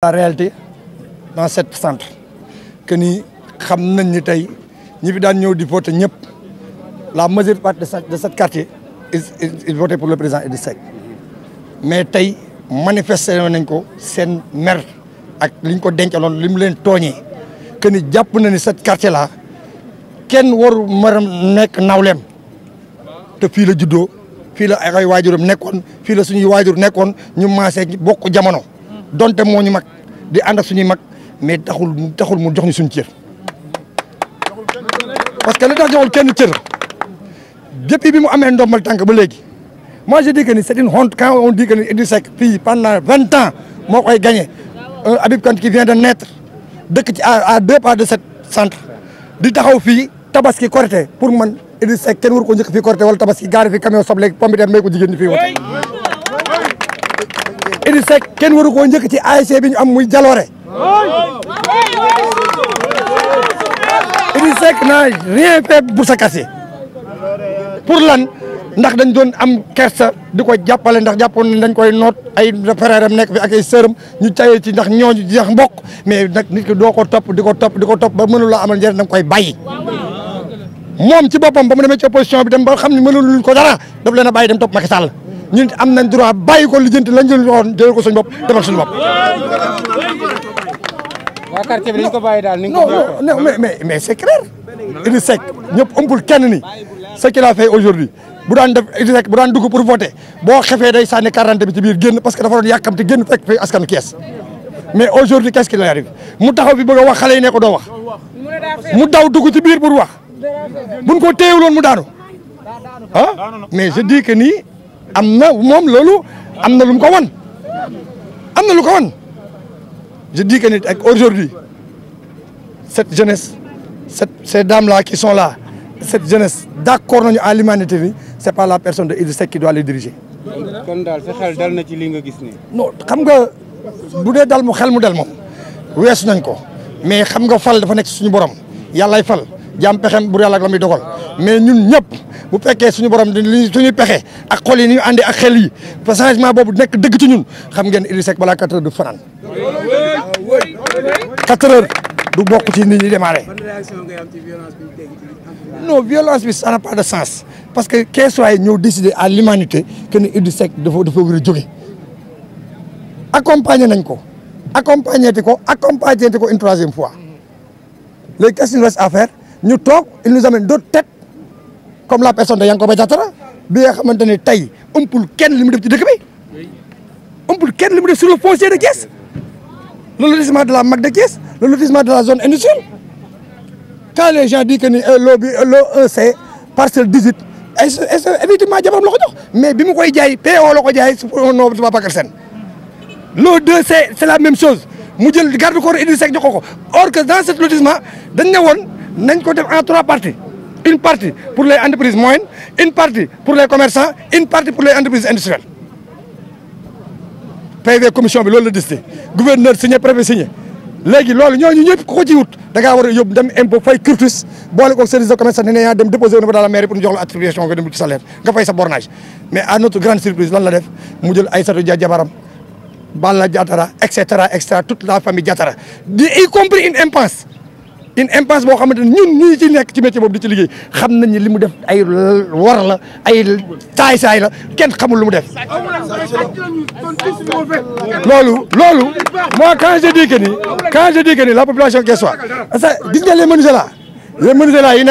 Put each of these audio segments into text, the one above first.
la réalité dans cette centre que ni xam nañ ni tey ñi fi daan ñëw di voter ñëpp la majeure partie de cette quartier ils votaient pour le président Idriss Seck mais tey manifesté nañ ko seen mer ak liñ ko dencaloon li mu leen tooñee que ni jàpp na ni cette quartier la kenn waru maram nekk nawleem te fii la juddoo fii la ay waajuram nekkoon fii la suñuy waajur nekkoon ñu maasee bokk jamono donte moo ñu mag di ànd ak suñuy mag mais taxul taxul mu jox ñu suñu cër. parce que li tax joxul kenn cër depuis bi mu amee ndombal tànk ba léegi moi je dis que ni c' est une honte quand on dit que ni Idrissa Seck fii pendant vingt ans moo koy gagné un euh, Habib Kane qui vient de naître dëkk ci à à deux pas de cette centre di taxaw fii tabaski Korité pour man Idrissa Seck kenn waru ko njëkk fii Korité wala tabaski gaari fi camion soble pombi dem may ko jigéen ñi fii wote Idy Seck kenn waru koo njëkk ci ASC bi ñu am muy jaloore Idy Seck n'a rien fait pour se casser pour lan ndax dañ doon am kersa di ko jàppale ndax jàppoon nañ dañ koy noot ay frère am nekk fi ak ay sërëm ñu tayee ci ndax ñooñu jeex mbokk mais nag nit ki doo ko topp di ko topp di ko topp ba mënuloo amal njëriñ da koy bàyyi moom ci boppam ba mu demee ci opposition bi dem ba xam ne mënul ko dara daf leen a bàyyi dem topp Macky Sall ñu ñun am na droit bàyyi ko lijjanti lañ jël waxoon jëlal ko suñu bopp defal suñu bopp. waa ko bàyyi daal ni nga mais mais c' est clair. Idriss Seck kenn ni ce qu'il a fait aujourd'hui bu daan def Idriss Seck bu daan dugg pour voter boo xefee day sànni quarante bi ci biir génn parce que dafa doon yàkkamti génn fekk fay askanu kees mais aujourd'hui qu'est-ce qu'il arrive mu taxaw bi bëgg a wax xale yi ne ko doo wax mu daw dugg ci biir pour wax buñ ko téyewuloon mu daanu ah mais je dis que nii am na moom loolu am na lum ko wan am na lu ko wan je dis que nit ak aujourd'hui cette jeunesse cette ces dames là qui sont là cette jeunesse d'accord nañu à l'humanité bi c'est pas la personne de Idrissa Seck qui doit les diriger. kon daal dal na ci li nga gis nii. non xam nga bu dee dal mu xel mu dal moom weesu nañ ko mais xam nga fal dafa nekk suñu borom yàllaay fal. jàmm pexem bu yàlla ak la muy mais ñun ñëpp bu fekkee suñu borom di li suñuy pexe ak xol yi ni ñu àndee ak xel yi parce que changement boobu nekk dëgg ci ñun xam ngeen Idrissa Seck balaa quatre heures du fanaan quatre heures du bokk ci nit ñi démarré non violence bi ça n'a pas de sens parce que keesuwaay yi ñoo décidé à l'humanité kenn ne Idrissa Seck dafa dafa war a jóge accompagné nañ ko accompagné te ko accompagné te ko une troisième fois léegi qu'est-ce qu'il ñu toog il nous amène d'autres têtes comme la personne de Yankoba Diattara bi nga xamante ne tey ëmpul kenn li mu def ci dëkk bi ëmpul kenn li mu def sur le foncier de Thiès le lotissement de la Mag de Thiès le lotissement de la zone industrielle quand les gens disent que ni loo bi loo EC parcelle 18 est-ce que effectivement jabaram la ko jox mais bi mu koy jaay PO la ko jaay au nom de Babacar Sène loo 2 c'est la même chose mu jël garde corps Idrissa Seck jox ko ko or que dans ce lotissement dañ ne woon nañ ko def en trois parties une partie pour les entreprises moyennes une partie pour les commerçants une partie pour les entreprises industrielles PV commission bi loolu la décidé gouverneur signé préfet signé léegi loolu ñooñu ñëpp ku ko ci wut da ngaa war a yóbbu dem impôt fay curtis boole ko service de commerce ne ne yaa dem déposé wu ba dans la mairie pour ñu jox la attribution nga dem salaire nga fay sa bornage mais à notre grande surprise lan la def mu jël et cetera et cetera toute la famille Diatara di y une impasse une impasse boo xamante ne ñun ñii ci nekk ci métier boobu di ci liggéey xam nañ ni li mu def ay war la ay saay saay la kenn xamul lu mu def. loolu loolu moi quand je dis que ni quand je dis que ni la que gis nga les menuisiers là les menuisiers là yi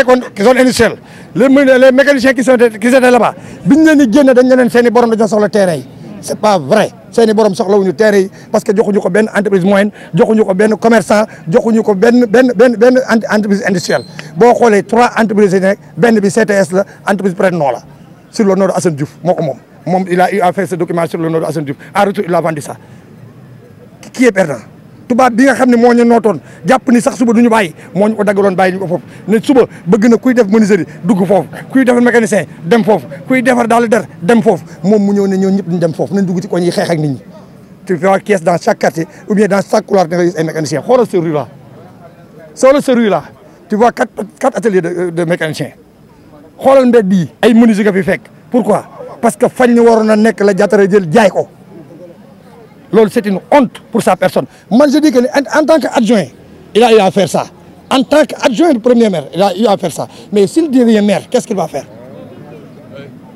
zone industrielle les les mécaniciens qui sont qui sont là-bas biñ leen di génne dañ leen seen i borom dañoo soxla terrain yi. c' est pas vrai seeni borom soxlawuñu terre yi parce que joxuñu ko benn entreprise moyenne joxuñu ko benn commerçant joxuñu ko benn benn benn benn entreprise industrielle boo xoolee trois entreprises yi benn bi CTS la entreprise Pren'Nord la sur le nom de Assane Diouf moo ko moom moom il a eu à faire ce sur le nom de Assane Diouf en retour il a vendu ça qui tubaab bi nga xam ne moo ñu nootoon jàpp ni sax suba du ñu bàyyi moo ñu ko daggaloon bàyyi ñu ko foofu ne suba bëgg na kuy def menuiserie dugg foofu kuy defar mécanicien dem foofu kuy defar daal der dem foofu moom mu ñëw ne ñëw ñëpp ñu dem foofu nañ dugg ci koñ yi xeex ak nit ñi tu fais caisse dans chaque quartier ou bien dans chaque couloir da nga gis ay mécanicien xoolal ce rue là xoolal ce de de mécanicien xoolal mbedd ay menuisier nga fi fekk pourquoi parce que fañ ñu waroon a nekk la jàttara jël jaay ko loolu c'est une honte pour sa personne man je dis que en tant qu'adjoint il a eu à faire ça en tant que du premier maire il a eu à faire ça mais s'il devient maire qu'est-ce qu'il va faire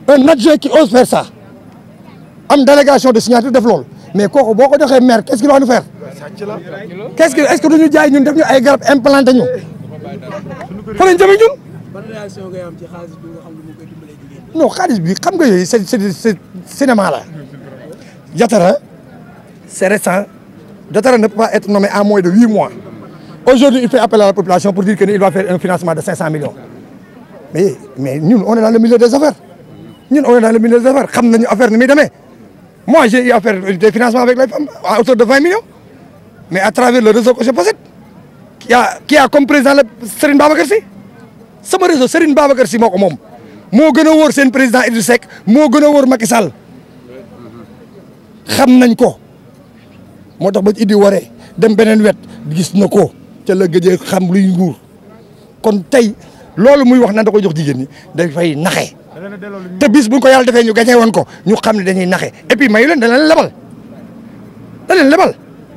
un adjoint qui ose faire ça am délégation de signature def loolu mais kooku boo ko joxee maire qu'est-ce qu'il va nous faire qu'est-ce que est-ce que duñu jaay ñun def ñu ay garab implanté ñu fa lañ jëme ñun non xaalis bi xam nga yooyu c'est cinéma la jatara c'est récent. Dottara ne peut pas être nommé en moins de huit mois. Aujourd'hui, il fait appel à la population pour dire qu'il va faire un financement de 500 millions. Mais, mais nous, on est dans le milieu des affaires. Nous, on est dans le milieu des affaires. Nous savons affaires nous Moi, à faire des financements avec les femmes à hauteur de 20 millions. Mais à travers le réseau que je possède, qui a, qui a comme président le comme moo gën a wóor seen président Idriss Seck moo gën a wóor Macky Sall xam nañ ko moo tax ba ci Idi waree dem beneen wet gis na ko ca la gëjee xam luy nguur kon tey loolu muy wax nan da koy jox jigéen ñi dafay naxe te bis buñ ko yàlla defee ñu gañee woon ko ñu xam ne dañuy naxe et puis mayu leen da leen lebal da leen lebal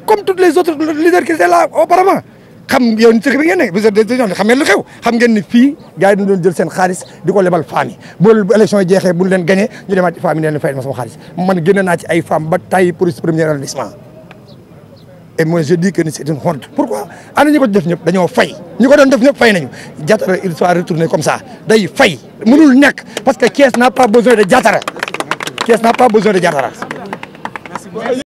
comme toutes les autres leaders qui étaient là auparavant xam ni sëkk ne vous êtes des gens xam ngeen lu xew xam ngeen ni fii gars doon jël seen xaalis di ko lebal femmes bu élection yi jeexee buñ leen gañee ñu demaat ci femmes yi ne leen man et moi je dis que ni c'est une honte pourquoi ana ñi ko def ñëpp dañoo fay ñi ko doon def ñëpp fay nañu Diatara il a retourné comme ça day fay mënul nekk parce que Thiès n'a pas besoin de jatara Thiès n'a pas besoin de Diatara